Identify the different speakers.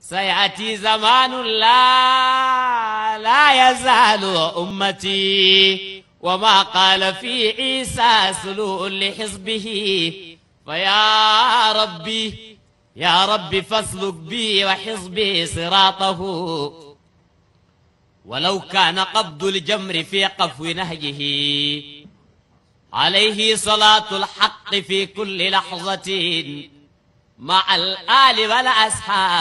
Speaker 1: سيأتي زمان لا لا يزال أمتي وما قال في عيسى سلوء لحزبه فيا ربي يا ربي فاسلك بي وحزبي صراطه ولو كان قبض الجمر في قفو نهجه عليه صلاة الحق في كل لحظة مع الآل والأصحاب